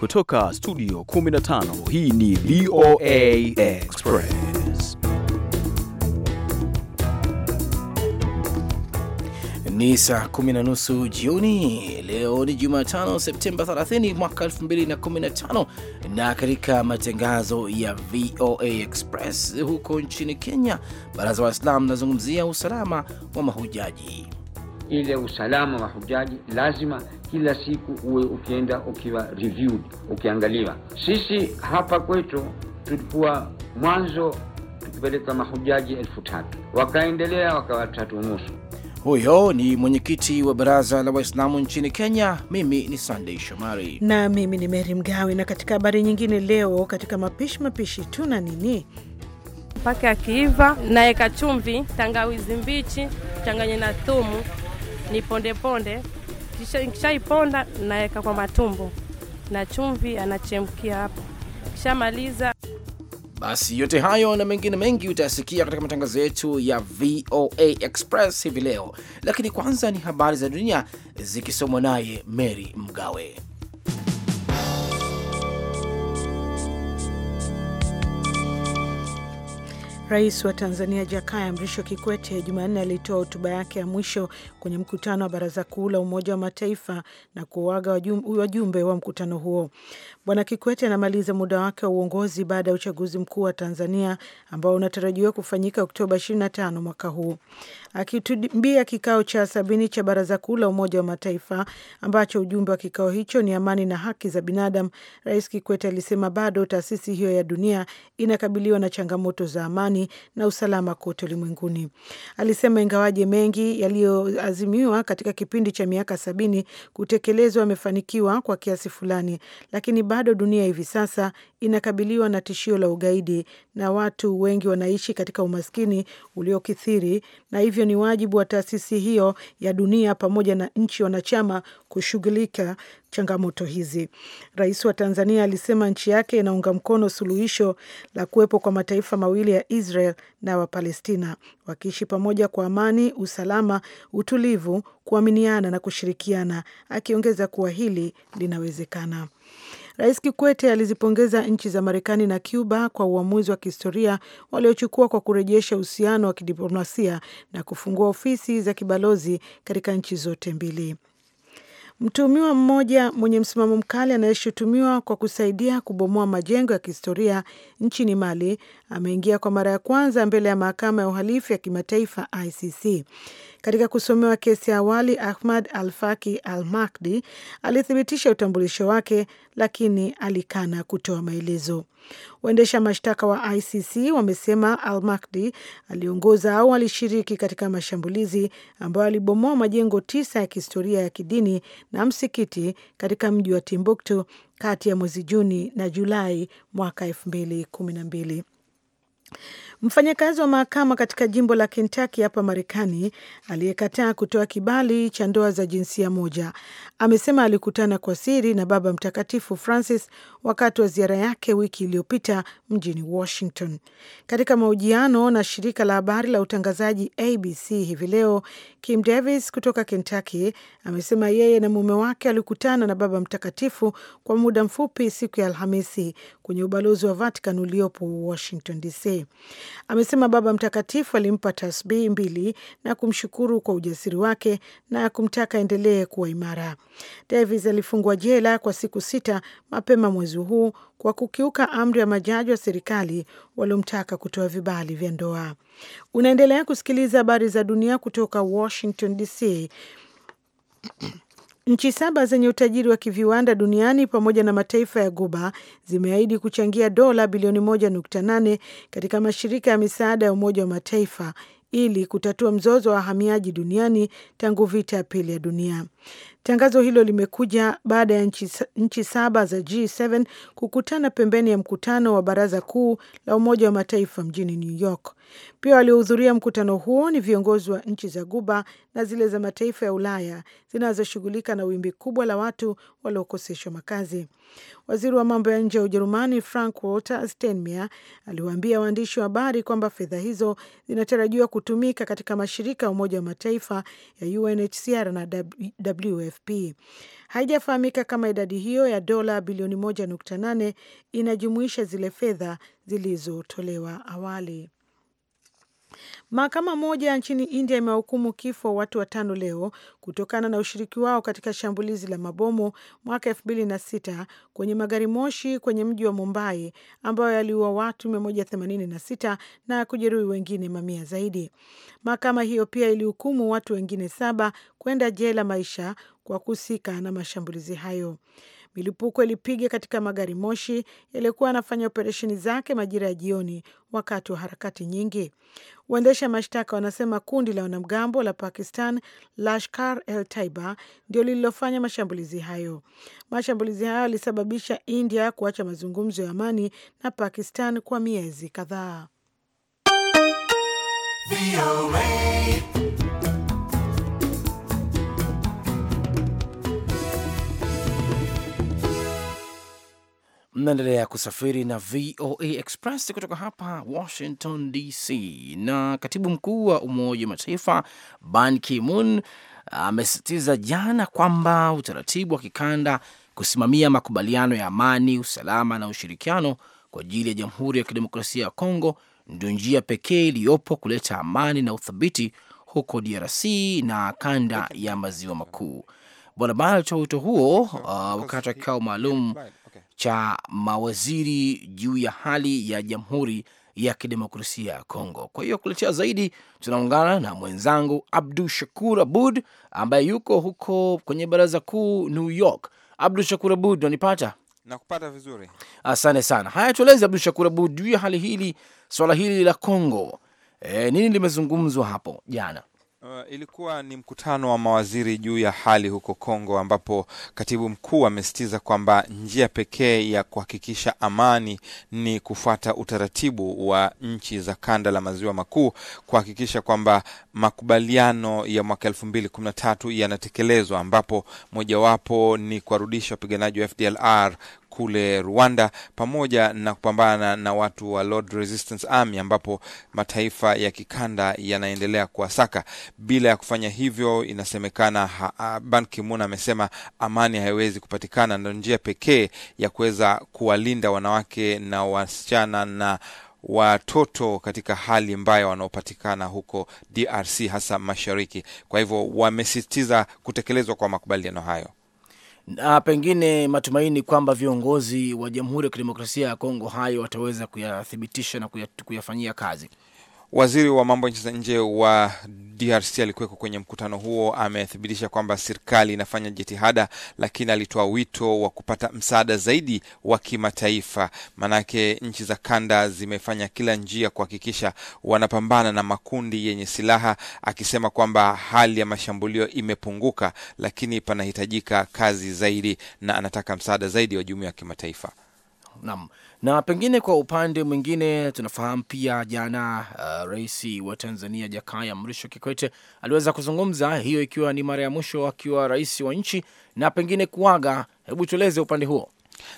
Kutoka studio 15 hii ni VOA Express. Ni saa kumi na nusu jioni. Leo ni Jumatano, Septemba 30 mwaka 2015, na katika matangazo ya VOA Express huko nchini Kenya, baraza wa Islam nazungumzia usalama wa mahujaji. Ile usalama wa mahujaji lazima kila siku uwe ukienda ukiwa reviewed, ukiangaliwa. Sisi hapa kwetu tulikuwa mwanzo tukipeleka mahujaji elfu tatu wakaendelea wakawa tatu nusu Huyo ni mwenyekiti wa baraza la Waislamu nchini Kenya. Mimi ni Sandei Shomari na mimi ni Meri Mgawe. Na katika habari nyingine leo, katika mapishi mapishi, tuna nini? Mpaka akiiva naeka chumvi, tangawizi mbichi, changanye na thumu, ni pondeponde ponde. Kishaiponda kisha naweka kwa matumbo na chumvi, anachemkia hapo, kishamaliza basi. Yote hayo na mengine mengi utayasikia katika matangazo yetu ya VOA Express hivi leo, lakini kwanza ni habari za dunia zikisomwa naye Mary Mgawe. Rais wa Tanzania Jakaya Mrisho Kikwete Jumanne alitoa hotuba yake ya mwisho kwenye mkutano wa Baraza Kuu la Umoja wa Mataifa na kuwaaga wajumbe wa mkutano huo. Bwana Kikwete anamaliza muda wake wa uongozi baada ya uchaguzi mkuu wa Tanzania ambao unatarajiwa kufanyika Oktoba 25 mwaka huu. Akitumbia kikao cha sabini cha Baraza Kuu la Umoja wa Mataifa ambacho ujumbe wa kikao hicho ni amani na haki za binadamu, Rais Kikwete alisema bado taasisi hiyo ya dunia inakabiliwa na changamoto za amani na usalama kote ulimwenguni. Alisema ingawaje mengi yaliyoazimiwa katika kipindi cha miaka sabini kutekelezwa yamefanikiwa kwa kiasi fulani, lakini bado dunia hivi sasa inakabiliwa na tishio la ugaidi na watu wengi wanaishi katika umaskini uliokithiri, na hivyo ni wajibu wa taasisi hiyo ya dunia pamoja na nchi wanachama kushughulika changamoto hizi. Rais wa Tanzania alisema nchi yake inaunga mkono suluhisho la kuwepo kwa mataifa mawili ya Israel na Wapalestina wakiishi pamoja kwa amani, usalama, utulivu, kuaminiana na kushirikiana, akiongeza kuwa hili linawezekana. Rais Kikwete alizipongeza nchi za Marekani na Cuba kwa uamuzi wa kihistoria waliochukua kwa kurejesha uhusiano wa kidiplomasia na kufungua ofisi za kibalozi katika nchi zote mbili. Mtuhumiwa mmoja mwenye msimamo mkali anayeshutumiwa kwa kusaidia kubomoa majengo ya kihistoria nchini Mali ameingia kwa mara ya kwanza mbele ya mahakama ya uhalifu ya kimataifa ICC katika kusomewa kesi ya awali, Ahmad al faki Al Makdi alithibitisha utambulisho wake, lakini alikana kutoa maelezo. Waendesha mashtaka wa ICC wamesema Al Makdi aliongoza au alishiriki katika mashambulizi ambayo alibomoa majengo tisa ya kihistoria ya kidini na msikiti katika mji wa Timbuktu kati ya mwezi Juni na Julai mwaka elfu mbili kumi na mbili. Mfanyakazi wa mahakama katika jimbo la Kentucky hapa Marekani aliyekataa kutoa kibali cha ndoa za jinsia moja amesema alikutana kwa siri na Baba Mtakatifu Francis wakati wa ziara yake wiki iliyopita mjini Washington. Katika mahojiano na shirika la habari la utangazaji ABC hivi leo, Kim Davis kutoka Kentucky amesema yeye na mume wake alikutana na Baba Mtakatifu kwa muda mfupi siku ya Alhamisi kwenye ubalozi wa Vatican uliopo Washington DC. Amesema Baba Mtakatifu alimpa tasbihi mbili na kumshukuru kwa ujasiri wake na kumtaka endelee kuwa imara. Davis alifungwa jela kwa siku sita mapema mwezi huu kwa kukiuka amri ya majaji wa serikali waliomtaka kutoa vibali vya ndoa. Unaendelea kusikiliza habari za dunia kutoka Washington DC. Nchi saba zenye utajiri wa kiviwanda duniani pamoja na mataifa ya Guba zimeahidi kuchangia dola bilioni 1.8 katika mashirika ya misaada ya Umoja wa Mataifa ili kutatua mzozo wa wahamiaji duniani tangu vita ya pili ya dunia. Tangazo hilo limekuja baada ya nchi, nchi saba za G7 kukutana pembeni ya mkutano wa Baraza Kuu la Umoja wa Mataifa mjini New York. Pia waliohudhuria mkutano huo ni viongozi wa nchi za Guba na zile za mataifa ya Ulaya zinazoshughulika na wimbi kubwa la watu waliokoseshwa makazi. Waziri wa mambo ya nje ya Ujerumani Frank Walter Steinmeier aliwaambia waandishi wa habari kwamba fedha hizo zinatarajiwa kutumika katika mashirika ya Umoja wa Mataifa ya UNHCR na WFP. Haijafahamika kama idadi hiyo ya dola bilioni 1.8 inajumuisha zile fedha zilizotolewa awali. Mahakama moja nchini India imewahukumu kifo watu watano leo kutokana na ushiriki wao katika shambulizi la mabomu mwaka elfu mbili na sita kwenye magari moshi kwenye mji wa Mumbai ambayo yaliua watu sita na kujeruhi wengine mamia zaidi. Mahakama hiyo pia ilihukumu watu wengine saba kwenda jela maisha kwa kuhusika na mashambulizi hayo. Milipuko ilipiga katika magari moshi yaliyokuwa yanafanya operesheni zake majira ya jioni, wakati wa harakati nyingi. Waendesha mashtaka wanasema kundi la wanamgambo la Pakistan Lashkar el Taiba ndio lililofanya mashambulizi hayo. Mashambulizi hayo yalisababisha India kuacha mazungumzo ya amani na Pakistan kwa miezi kadhaa. Mnaendelea kusafiri na VOA Express kutoka hapa Washington DC. Na katibu mkuu wa Umoja wa Mataifa Ban Ki-moon amesisitiza jana kwamba utaratibu wa kikanda kusimamia makubaliano ya amani, usalama na ushirikiano kwa ajili ya Jamhuri ya Kidemokrasia ya Kongo ndio njia pekee iliyopo kuleta amani na uthabiti huko DRC na kanda ya maziwa makuu. Bwana Ban alitoa wito huo uh, wakati wa kikao maalum cha mawaziri juu ya hali ya Jamhuri ya Kidemokrasia ya Kongo. Kwa hiyo kuletea zaidi, tunaungana na mwenzangu Abdu Shakur Abud ambaye yuko huko kwenye baraza kuu New York. Abdu Shakur Abud, unanipata? Nakupata vizuri, asante sana. Haya, tueleze Abdu Shakur Abud juu ya hali hili, swala hili la Kongo. E, nini limezungumzwa hapo jana? Uh, ilikuwa ni mkutano wa mawaziri juu ya hali huko Kongo ambapo katibu mkuu amesisitiza kwamba njia pekee ya kuhakikisha amani ni kufuata utaratibu wa nchi za kanda la maziwa makuu kuhakikisha kwamba makubaliano ya mwaka elfu mbili kumi na tatu yanatekelezwa ambapo mojawapo ni kuwarudisha wapiganaji wa FDLR kule Rwanda, pamoja na kupambana na watu wa Lord Resistance Army, ambapo mataifa ya kikanda yanaendelea kuwasaka. Bila ya kufanya hivyo, inasemekana Ban Ki-moon amesema amani haiwezi kupatikana, ndio njia pekee ya kuweza kuwalinda wanawake na wasichana na watoto katika hali mbaya wanaopatikana huko DRC hasa mashariki. Kwa hivyo wamesisitiza kutekelezwa kwa makubaliano hayo na pengine matumaini kwamba viongozi wa Jamhuri ya Kidemokrasia ya Kongo hayo wataweza kuyathibitisha na kuyafanyia kazi. Waziri wa mambo ya nje wa DRC alikuweko kwenye mkutano huo, amethibitisha kwamba serikali inafanya jitihada, lakini alitoa wito wa kupata msaada zaidi wa kimataifa, maanake nchi za kanda zimefanya kila njia kuhakikisha wanapambana na makundi yenye silaha, akisema kwamba hali ya mashambulio imepunguka, lakini panahitajika kazi zaidi, na anataka msaada zaidi wa jumuiya ya kimataifa. Naam. Na pengine kwa upande mwingine tunafahamu pia jana, uh, rais wa Tanzania Jakaya Mrisho Kikwete aliweza kuzungumza, hiyo ikiwa ni mara ya mwisho akiwa rais wa nchi na pengine kuaga. Hebu tueleze upande huo.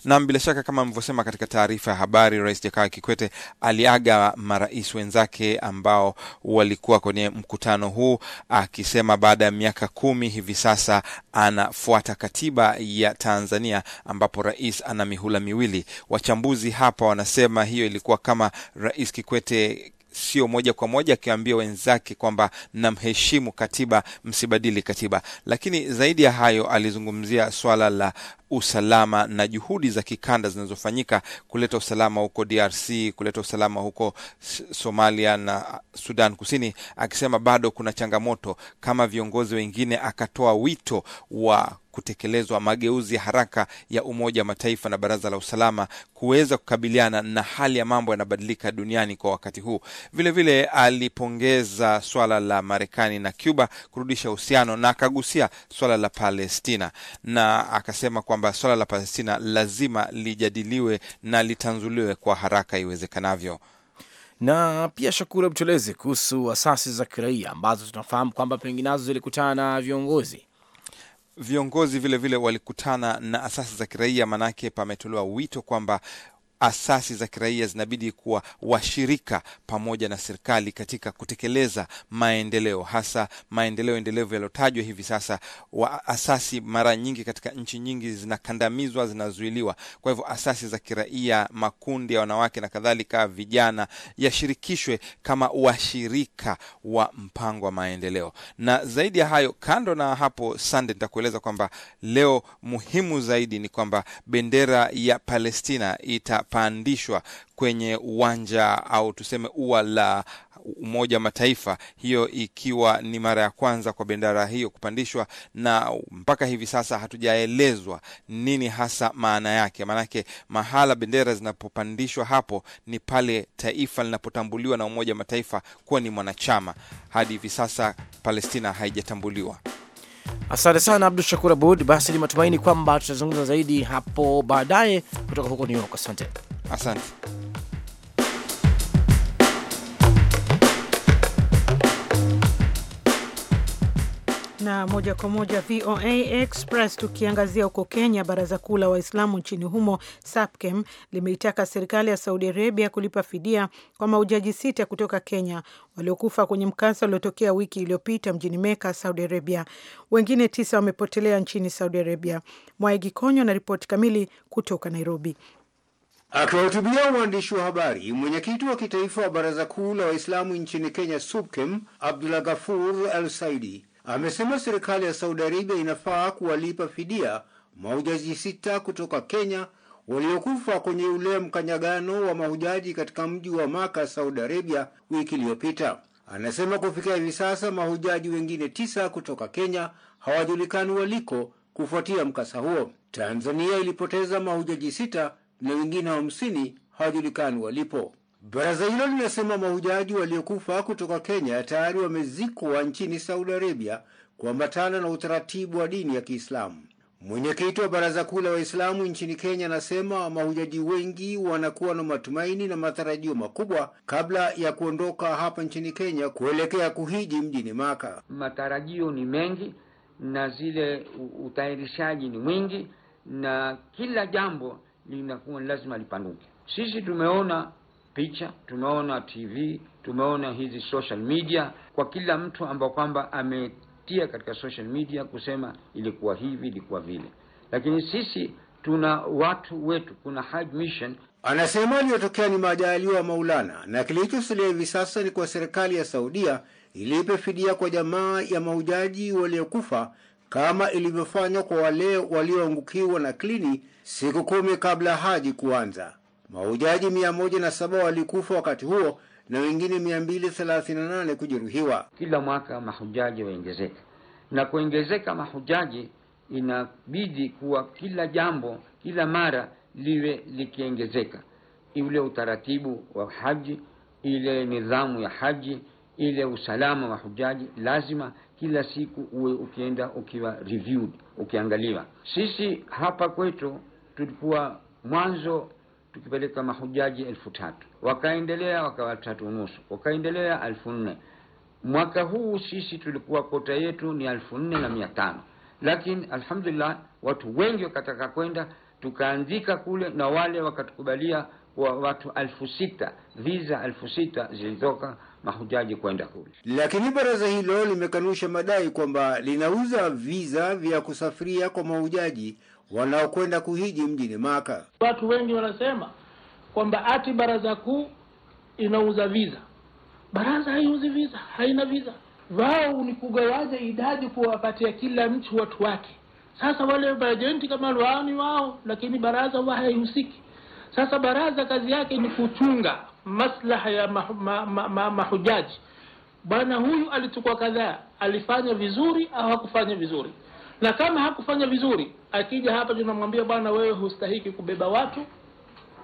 Nam, bila shaka kama mlivyosema katika taarifa ya habari, Rais Jakaya Kikwete aliaga marais wenzake ambao walikuwa kwenye mkutano huu, akisema baada ya miaka kumi hivi sasa anafuata katiba ya Tanzania ambapo rais ana mihula miwili. Wachambuzi hapa wanasema hiyo ilikuwa kama Rais Kikwete sio moja kwa moja akiwaambia wenzake kwamba namheshimu katiba, msibadili katiba. Lakini zaidi ya hayo, alizungumzia swala la usalama na juhudi za kikanda zinazofanyika kuleta usalama huko DRC, kuleta usalama huko Somalia na Sudan Kusini, akisema bado kuna changamoto. Kama viongozi wengine, akatoa wito wa kutekelezwa mageuzi ya haraka ya Umoja wa Mataifa na Baraza la Usalama kuweza kukabiliana na hali ya mambo yanabadilika duniani kwa wakati huu. Vilevile vile alipongeza swala la Marekani na Cuba kurudisha uhusiano na akagusia swala la Palestina na akasema kwa kwamba swala la Palestina lazima lijadiliwe na litanzuliwe kwa haraka iwezekanavyo. Na pia shakuru Mtolezi, kuhusu asasi za kiraia ambazo tunafahamu kwamba penginazo zilikutana na viongozi viongozi vilevile vile walikutana na asasi za kiraia, manake pametolewa wito kwamba asasi za kiraia zinabidi kuwa washirika pamoja na serikali katika kutekeleza maendeleo, hasa maendeleo endelevu yaliyotajwa hivi sasa. Wa asasi mara nyingi katika nchi nyingi zinakandamizwa, zinazuiliwa. Kwa hivyo asasi za kiraia, makundi ya wanawake na kadhalika, vijana, yashirikishwe kama washirika wa mpango wa maendeleo. Na zaidi ya hayo, kando na hapo, Sande, nitakueleza kwamba leo muhimu zaidi ni kwamba bendera ya Palestina ita yanapandishwa kwenye uwanja au tuseme ua la Umoja wa Mataifa, hiyo ikiwa ni mara ya kwanza kwa bendera hiyo kupandishwa, na mpaka hivi sasa hatujaelezwa nini hasa maana yake. Maanake mahala bendera zinapopandishwa hapo ni pale taifa linapotambuliwa na Umoja wa Mataifa kuwa ni mwanachama. Hadi hivi sasa Palestina haijatambuliwa. Asante sana Abdu Shakur Abud. Basi ni matumaini kwamba tutazungumza zaidi hapo baadaye kutoka huko New York. Asante, asante. na moja kwa moja VOA Express tukiangazia huko Kenya. Baraza Kuu la Waislamu nchini humo SAPKEM limeitaka serikali ya Saudi Arabia kulipa fidia kwa maujaji sita kutoka Kenya waliokufa kwenye mkasa uliotokea wiki iliyopita mjini Meka, Saudi Arabia. Wengine tisa wamepotelea nchini Saudi Arabia. Mwaigi Konyo na ripoti kamili kutoka Nairobi. Akiwahutubia waandishi wa habari, mwenyekiti wa kitaifa wa Baraza Kuu la Waislamu nchini Kenya SUPKEM Abdullah Ghafur al Saidi amesema serikali ya Saudi Arabia inafaa kuwalipa fidia mahujaji sita kutoka Kenya waliokufa kwenye ule mkanyagano wa mahujaji katika mji wa Maka, Saudi Arabia wiki iliyopita. Anasema kufikia hivi sasa mahujaji wengine tisa kutoka Kenya hawajulikani waliko kufuatia mkasa huo. Tanzania ilipoteza mahujaji sita na wengine hamsini hawajulikani walipo. Baraza hilo linasema mahujaji waliokufa kutoka Kenya tayari wamezikwa nchini Saudi Arabia kuambatana na utaratibu wa dini ya Kiislamu. Mwenyekiti wa Baraza Kuu la Waislamu nchini Kenya anasema mahujaji wengi wanakuwa na matumaini na matarajio makubwa kabla ya kuondoka hapa nchini Kenya kuelekea kuhiji mjini Maka. Matarajio ni mengi na zile utayarishaji ni mwingi, na kila jambo linakuwa lazima lipanuke. Sisi tumeona picha, tumeona TV, tumeona hizi social media, kwa kila mtu ambao kwamba ametia katika social media kusema ilikuwa hivi, ilikuwa vile, lakini sisi tuna watu wetu, kuna Hajj Mission anasema aliyotokea ni majaliwa ya Maulana, na kilichosalia hivi sasa ni kwa serikali ya Saudia ilipe fidia kwa jamaa ya mahujaji waliokufa kama ilivyofanywa kwa wale walioangukiwa na klini siku kumi kabla haji kuanza. Mahujaji 107 walikufa wakati huo na wengine 238 kujeruhiwa. Kila mwaka mahujaji waongezeka, na kuongezeka mahujaji inabidi kuwa kila jambo kila mara liwe likiongezeka, ule utaratibu wa haji, ile nidhamu ya haji, ile usalama wa hujaji lazima kila siku uwe ukienda ukiwa reviewed, ukiangaliwa. Sisi hapa kwetu tulikuwa mwanzo tukipeleka mahujaji elfu tatu wakaendelea wakawa tatu nusu wakaendelea elfu nne Mwaka huu sisi tulikuwa kota yetu ni elfu nne na mia tano lakini alhamdulillah watu wengi wakataka kwenda, tukaanzika kule na wale wakatukubalia wa watu elfu sita viza elfu sita zilitoka mahujaji kwenda kule. Lakini baraza hilo limekanusha madai kwamba linauza viza vya kusafiria kwa mahujaji wanaokwenda kuhiji mjini Maka. Watu wengi wanasema kwamba ati baraza kuu inauza viza. Baraza haiuzi viza, haina viza. Wao ni kugawaja idadi kuwapatia kila mtu watu wake. Sasa wale majenti kama luani wao, lakini baraza wa haihusiki. Sasa baraza kazi yake ni kuchunga maslaha ya mahujaji ma, ma, ma, ma, bwana huyu alichukua kadhaa, alifanya vizuri au hakufanya vizuri na kama hakufanya vizuri akija hapa tunamwambia bwana, wewe hustahiki kubeba watu,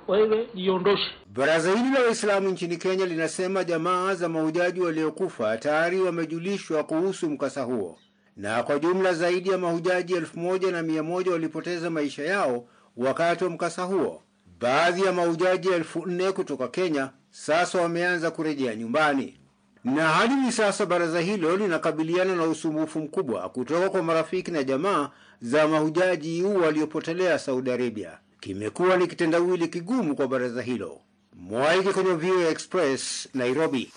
wewe jiondoshe. Baraza hili la Waislamu nchini Kenya linasema jamaa za mahujaji waliokufa tayari wamejulishwa kuhusu mkasa huo, na kwa jumla zaidi ya mahujaji elfu moja na mia moja walipoteza maisha yao wakati wa mkasa huo. Baadhi ya mahujaji elfu nne kutoka Kenya sasa wameanza kurejea nyumbani na hadi hivi sasa baraza hilo linakabiliana na usumbufu mkubwa kutoka kwa marafiki na jamaa za mahujaji waliopotelea Saudi Arabia. Kimekuwa ni kitendawili kigumu kwa baraza hilo. Mwaike kwenye VOA Express, Nairobi.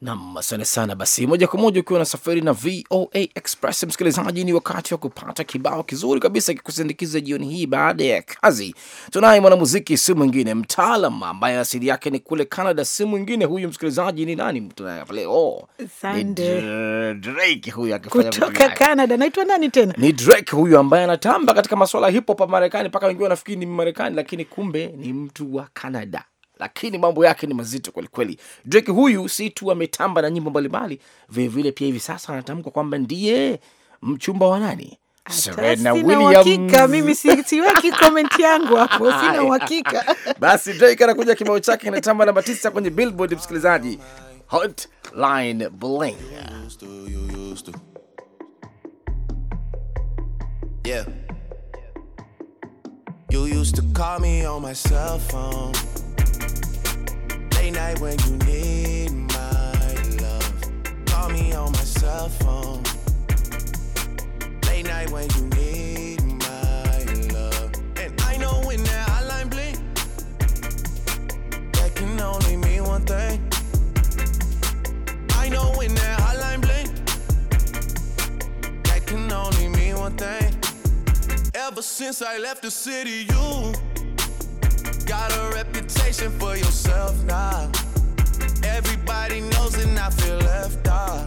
Nam, asante sana. Basi moja kwa moja ukiwa unasafiri na VOA Express, msikilizaji, ni wakati wa kupata kibao kizuri kabisa kikusindikiza jioni hii baada ya kazi. Tunaye mwanamuziki si mwingine mtaalam, ambaye asili yake ni kule Canada. Si mwingine huyu, msikilizaji, ni nani tunaye leo? Drake huyu akifanya kutoka Canada. Naitwa nani tena? Ni Drake huyu ambaye anatamba katika masuala ya hip hop Marekani, mpaka wengi wanafikiri ni Marekani, lakini kumbe ni mtu wa Canada lakini mambo yake ni mazito kwelikweli. Drake huyu si tu ametamba na nyimbo mbalimbali, vilevile pia hivi sasa anatamka kwamba ndiye mchumba wa nani? Serena Williams. Mimi siweki comment yangu hapo, sina uhakika. Basi Drake anakuja kibao chake kinatamba namba tisa kwenye Billboard, msikilizaji. Hotline Bling. Yeah. You used to call me on my cell phone. every night when you need my love. Call me on my cell phone. Late night when you need my love. And I know when that hotline bling, that can only mean one thing. I know when that hotline bling, that can only mean one thing. Ever since I left the city, you got a rep for yourself now. Everybody knows and I feel left out.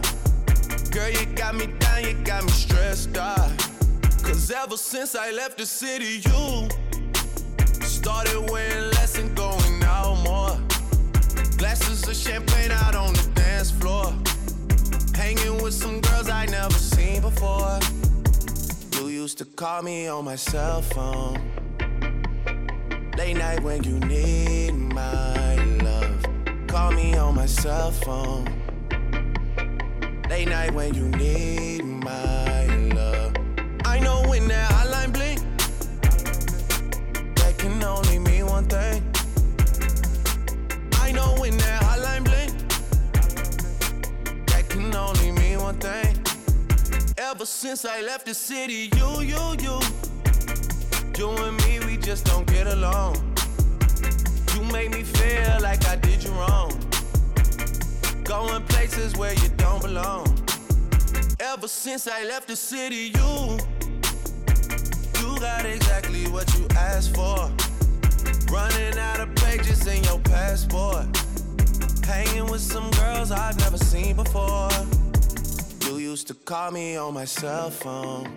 Girl, you got me down, you got me stressed out. Cause ever since I left the city, you started wearing less and going out more. Glasses of champagne out on the dance floor. Hanging with some girls I never seen before. You used to call me on my cell phone Late night when you need my love. Call me on my cell phone. Late night when you need my love. I know when that hotline blink, that can only mean one thing. I know when that hotline blink, that can only mean one thing. Ever since I left the city, you, you, you, you and me just don't get along. You make me feel like I did you wrong. Going places where you don't belong. Ever since I left the city, you you got exactly what you asked for. Running out of pages in your passport. Hanging with some girls I've never seen before. You used to call me on my cell phone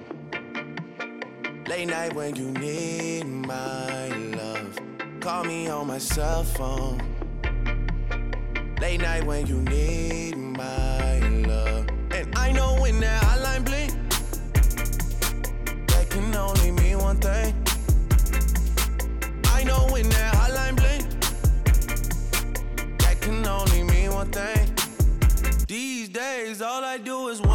Late night when you need my love. Call me on my cell phone. Late night when you need my love. And I know when that hotline blink, that can only mean one thing. I know when that hotline blink, that can only mean one thing. These days, all I do is one.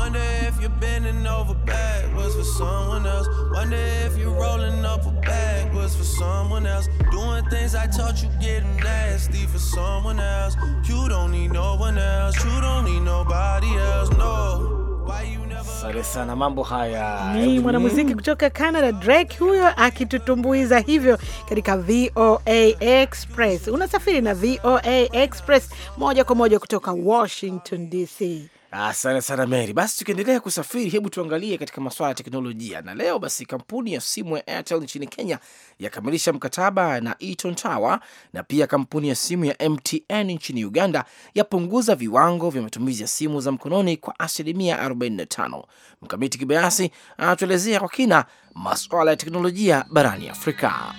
someone else. Wonder if you're rolling up a bag was for someone else. Doing things I taught you getting nasty for someone else. You don't need no one else. You don't need nobody else. No. Why you Sare sana, mambo haya ni mwanamuziki kutoka Canada Drake huyo akitutumbuiza hivyo katika VOA Express. Unasafiri na VOA Express moja kwa moja kutoka Washington DC. Asante sana Mary. Basi tukiendelea kusafiri, hebu tuangalie katika masuala ya teknolojia, na leo basi kampuni ya simu ya Airtel nchini Kenya yakamilisha mkataba na Eaton Tower, na pia kampuni ya simu ya MTN nchini Uganda yapunguza viwango vya matumizi ya simu za mkononi kwa asilimia 45. Mkamiti Kibayasi anatuelezea kwa kina masuala ya teknolojia barani Afrika.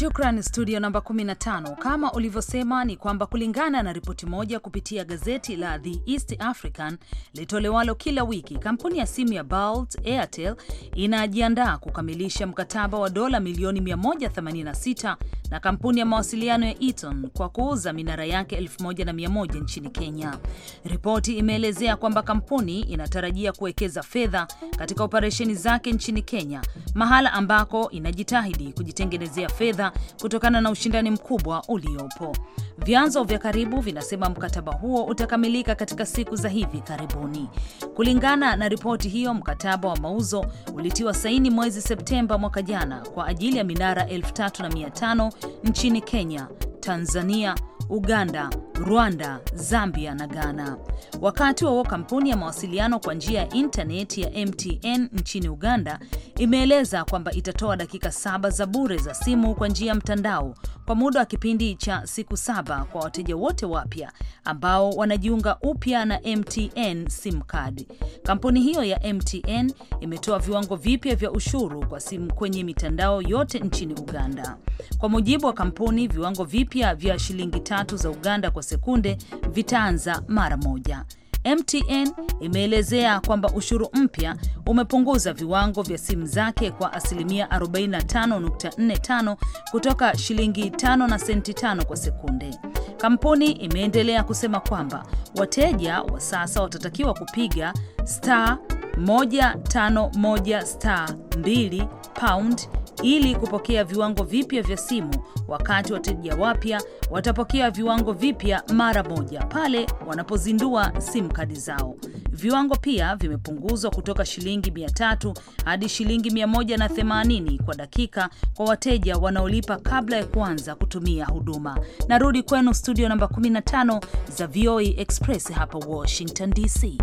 Shukran studio namba 15. Kama ulivyosema ni kwamba kulingana na ripoti moja kupitia gazeti la The East African litolewalo kila wiki, kampuni ya simu ya Balt Airtel inajiandaa kukamilisha mkataba wa dola milioni 186 na kampuni ya mawasiliano ya eton kwa kuuza minara yake 1100 nchini Kenya. Ripoti imeelezea kwamba kampuni inatarajia kuwekeza fedha katika operesheni zake nchini Kenya, mahala ambako inajitahidi kujitengenezea fedha kutokana na ushindani mkubwa uliopo. Vyanzo vya karibu vinasema mkataba huo utakamilika katika siku za hivi karibuni. Kulingana na ripoti hiyo, mkataba wa mauzo ulitiwa saini mwezi Septemba mwaka jana kwa ajili ya minara 3500 nchini Kenya Tanzania, Uganda, Rwanda, Zambia na Ghana. Wakati huo kampuni ya mawasiliano kwa njia ya intaneti ya MTN nchini Uganda imeeleza kwamba itatoa dakika saba za bure za simu kwa njia ya mtandao kwa muda wa kipindi cha siku saba kwa wateja wote wapya ambao wanajiunga upya na MTN SIM card. Kampuni hiyo ya MTN imetoa viwango vipya vya ushuru kwa simu kwenye mitandao yote nchini Uganda. Kwa mujibu wa kampuni, viwango vipya vya shilingi tatu za Uganda kwa sekunde vitaanza mara moja. MTN imeelezea kwamba ushuru mpya umepunguza viwango vya simu zake kwa asilimia 45.45 kutoka shilingi 5 na senti 5 kwa sekunde. Kampuni imeendelea kusema kwamba wateja wa sasa watatakiwa kupiga star 151 star 2 pound ili kupokea viwango vipya vya simu, wakati wateja wapya watapokea viwango vipya mara moja pale wanapozindua simu kadi zao. Viwango pia vimepunguzwa kutoka shilingi 300 hadi shilingi 180 kwa dakika kwa wateja wanaolipa kabla ya kuanza kutumia huduma. Narudi kwenu studio namba 15 za VOA e Express hapa Washington DC.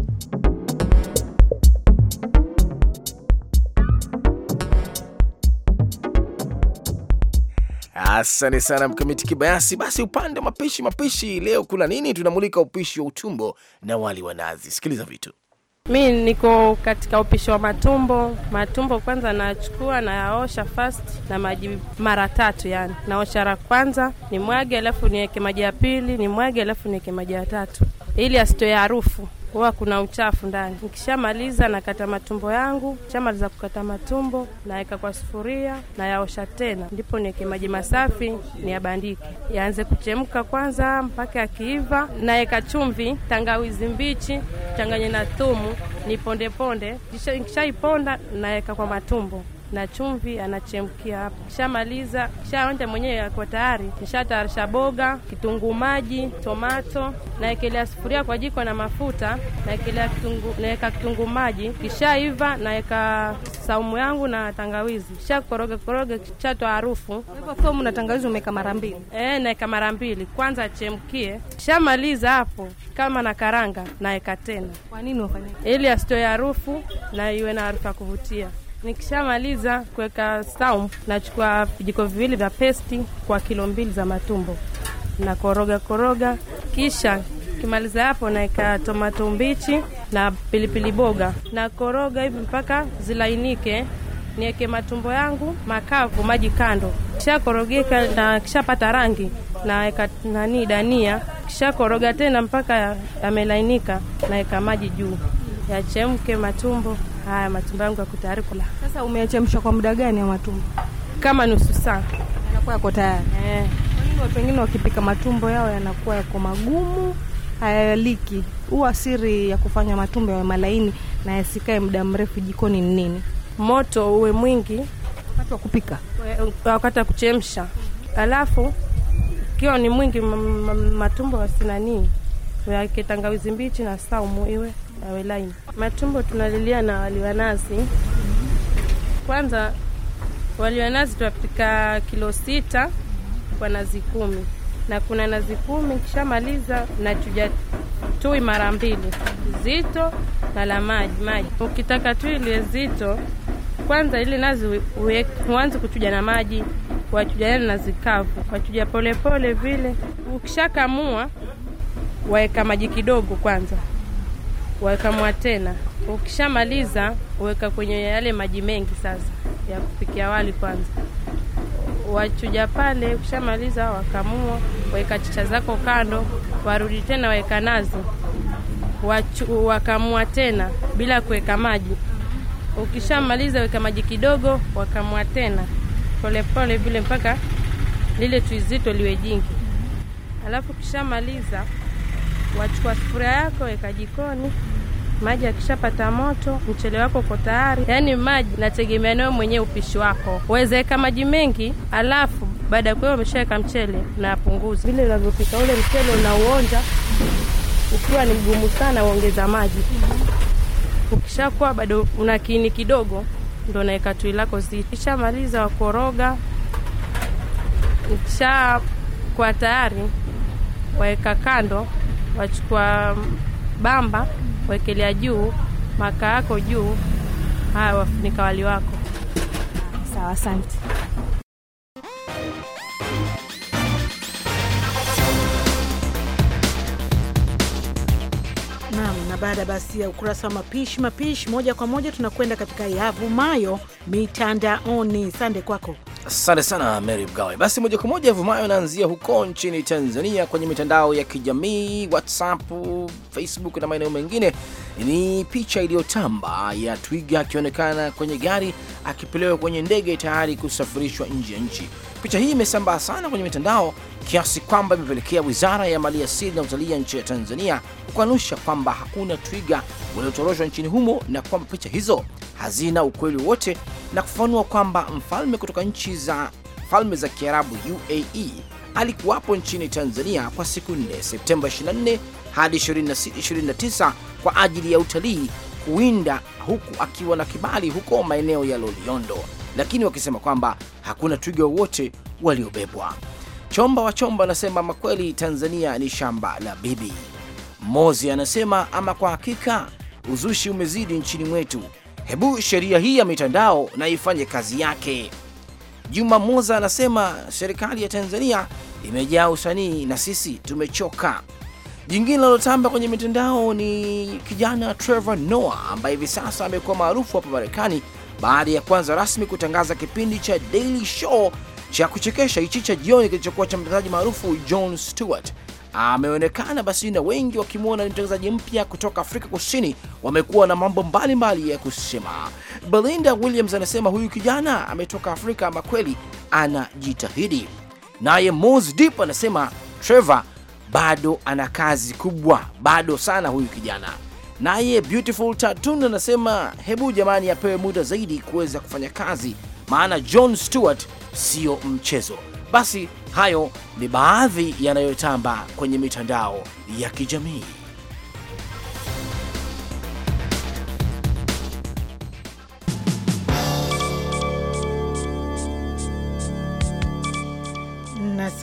Asante sana Mkamiti Kibayasi. Basi upande wa mapishi, mapishi leo kuna nini? Tunamulika upishi wa utumbo na wali wa nazi. Sikiliza vitu Mi niko katika upishi wa matumbo. Matumbo kwanza nachukua nayaosha fast na maji mara tatu, yani naosha ra kwanza ni mwage, alafu niweke maji ya pili, ni mwage, alafu niweke maji ya tatu ili asitoe harufu huwa kuna uchafu ndani. Nikishamaliza nakata matumbo yangu, kishamaliza kukata matumbo naweka kwa sufuria nayaosha tena, ndipo niweke maji masafi niyabandike yaanze kuchemka kwanza mpaka yakiiva, naweka chumvi, tangawizi mbichi changanye na thumu nipondeponde, nikishaiponda naweka kwa matumbo na chumvi, anachemkia hapo. Kishamaliza, kishaonja mwenyewe yako tayari. kishatayarisha boga, kitunguu maji, tomato, naekelea sufuria kwa jiko na mafuta, naekelea kitungu, naeka kitunguu maji, kishaiva naeka saumu yangu na tangawizi, kisha koroge koroge, kishatoa harufu. Hivyo na tangawizi umeweka mara mbili? E, naeka mara mbili, kwanza achemkie, kishamaliza hapo kama na karanga naeka tena. Kwa nini Ili asitoe harufu na iwe na harufu ya kuvutia. Nikishamaliza kuweka saum, nachukua vijiko viwili vya pesti kwa kilo mbili za matumbo na koroga koroga, kisha kimaliza hapo, naweka tomato mbichi na pilipili boga na koroga hivi mpaka zilainike, niweke matumbo yangu makavu maji kando, kisha korogeka na kishapata rangi, naweka nani dania, kisha koroga tena mpaka yamelainika, naweka maji juu yachemke matumbo Haya, matumbo yangu yako tayari kula. Sasa umeachemsha kwa muda gani ya matumbo? Kama nusu saa yanakuwa yako tayari eh. Kwa nini watu wengine wakipika matumbo yao yanakuwa yako magumu, hayaliki? Huwa siri ya kufanya matumbo yawe malaini na yasikae muda mrefu jikoni ni nini? Moto uwe mwingi wakati wa kupika, eh, wakati wa kuchemsha, alafu ukiwa ni mwingi matumbo wasinanii, yake tangawizi mbichi na saumu iwe awelaini matumbo tunalilia na wali wa nazi. Kwanza wali wa nazi kilo sita kwa nazi kumi na kuna nazi kumi. Kishamaliza nachuja tui mara mbili zito na la maji maji. Ukitaka tui liwe zito, kwanza ili nazi huanze kuchuja na maji, wachuja na nazi kavu, wachuja polepole pole vile. Ukishakamua waeka maji kidogo kwanza wakamwa tena. Ukishamaliza weka kwenye yale maji mengi sasa ya kupikia wali kwanza, wachuja pale. Ukishamaliza wakamua, weka chicha zako kando, warudi tena waweka nazi wachu, wakamua tena bila kuweka maji. Ukishamaliza weka maji kidogo, wakamua tena polepole vile mpaka lile tuizito liwe jingi, alafu ukishamaliza wachukua sufuria yako weka jikoni, maji akishapata moto, mchele wako uko tayari. Yaani maji nategemea nayo mwenyewe upishi wako, wezeweka maji mengi, alafu baada ya kuwa umeshaweka mchele unapunguza Vile unavyopika ule mchele unauonja, ukiwa ni mgumu sana uongeza maji, ukishakuwa bado una kiini kidogo, ndo naweka tui lako zito. Kishamaliza wakoroga, ukishakuwa tayari waweka kando wachukua bamba wekelea juu maka yako juu, haya wafunika wali wako. Sawa, asante. baada basi ya ukurasa wa mapishi mapishi, moja kwa moja tunakwenda katika yavumayo mitandaoni. Sande kwako. Asante sana Mary Mgawe. Basi moja kwa moja yavumayo inaanzia huko nchini Tanzania, kwenye mitandao ya kijamii WhatsApp, Facebook na maeneo mengine. Ni picha iliyotamba ya twiga akionekana kwenye gari akipelewa kwenye ndege tayari kusafirishwa nje ya nchi. Picha hii imesambaa sana kwenye mitandao kiasi kwamba imepelekea wizara ya maliasili na utalii ya nchi ya Tanzania kukanusha kwamba hakuna twiga waliotoroshwa nchini humo na kwamba picha hizo hazina ukweli wote, na kufafanua kwamba mfalme kutoka nchi za Falme za Kiarabu UAE alikuwapo nchini Tanzania kwa siku nne, Septemba 24 hadi 29 kwa ajili ya utalii, kuwinda huku akiwa na kibali huko maeneo ya Loliondo lakini wakisema kwamba hakuna twiga wowote waliobebwa. Chomba wa Chomba anasema makweli, Tanzania ni shamba la bibi. Mozi anasema ama kwa hakika uzushi umezidi nchini mwetu, hebu sheria hii ya mitandao na ifanye kazi yake. Juma Moza anasema serikali ya Tanzania imejaa usanii na sisi tumechoka. Jingine linalotamba kwenye mitandao ni kijana Trevor Noah ambaye hivi sasa amekuwa maarufu hapa Marekani baada ya kwanza rasmi kutangaza kipindi cha Daily Show cha kuchekesha hichi cha jioni kilichokuwa cha mtangazaji maarufu john Stewart. Ameonekana basi na wengi wakimwona ni mtangazaji mpya kutoka Afrika Kusini. Wamekuwa na mambo mbalimbali mbali ya kusema. Belinda Williams anasema huyu kijana ametoka Afrika ama kweli anajitahidi. Naye Mos Deep anasema Trevor bado ana kazi kubwa, bado sana huyu kijana. Naye Beautiful Tatun anasema hebu jamani, apewe muda zaidi kuweza kufanya kazi, maana John Stewart sio mchezo. Basi hayo ni baadhi yanayotamba kwenye mitandao ya kijamii.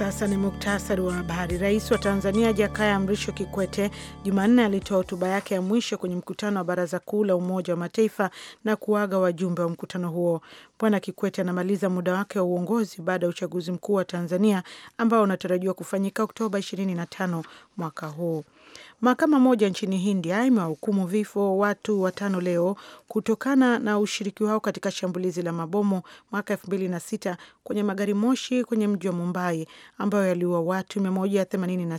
Sasa ni muktasari wa habari. Rais wa Tanzania Jakaya Mrisho Kikwete Jumanne alitoa hotuba yake ya mwisho kwenye mkutano wa Baraza Kuu la Umoja wa Mataifa na kuaga wajumbe wa mkutano huo. Bwana Kikwete anamaliza muda wake wa uongozi baada ya uchaguzi mkuu wa Tanzania ambao unatarajiwa kufanyika Oktoba 25 mwaka huu. Mahakama moja nchini India imewahukumu vifo watu watano leo kutokana na ushiriki wao katika shambulizi la mabomu mwaka elfu mbili na sita kwenye magari moshi kwenye mji wa Mumbai ambayo yaliua watu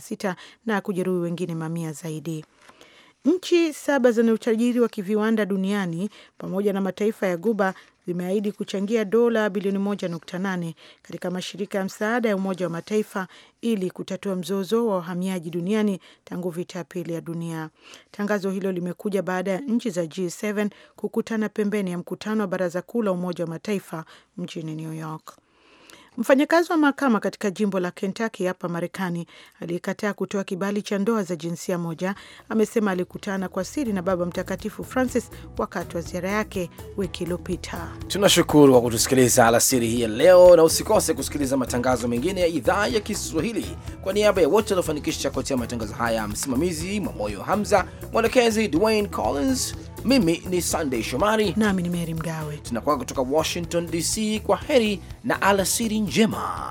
sita na kujeruhi wengine mamia zaidi. Nchi saba zenye utajiri wa kiviwanda duniani pamoja na mataifa ya Guba zimeahidi kuchangia dola bilioni 1.8 katika mashirika ya msaada ya Umoja wa Mataifa ili kutatua mzozo wa wahamiaji duniani tangu vita ya pili ya dunia. Tangazo hilo limekuja baada ya nchi za G7 kukutana pembeni ya mkutano wa Baraza Kuu la Umoja wa Mataifa mjini New York. Mfanyakazi wa mahakama katika jimbo la Kentucky hapa Marekani aliyekataa kutoa kibali cha ndoa za jinsia moja amesema alikutana kwa siri na Baba Mtakatifu Francis wakati wa ziara yake wiki iliyopita. Tunashukuru kwa kutusikiliza alasiri hii ya leo, na usikose kusikiliza matangazo mengine ya idhaa ya Kiswahili. Kwa niaba ya wote waliofanikisha kuatia matangazo haya, msimamizi Mwamoyo Hamza, mwelekezi Dwayne Collins mimi ni Sunday Shomari nami ni Meri Mgawe, tunakuaga kutoka Washington DC. Kwa heri na alasiri njema.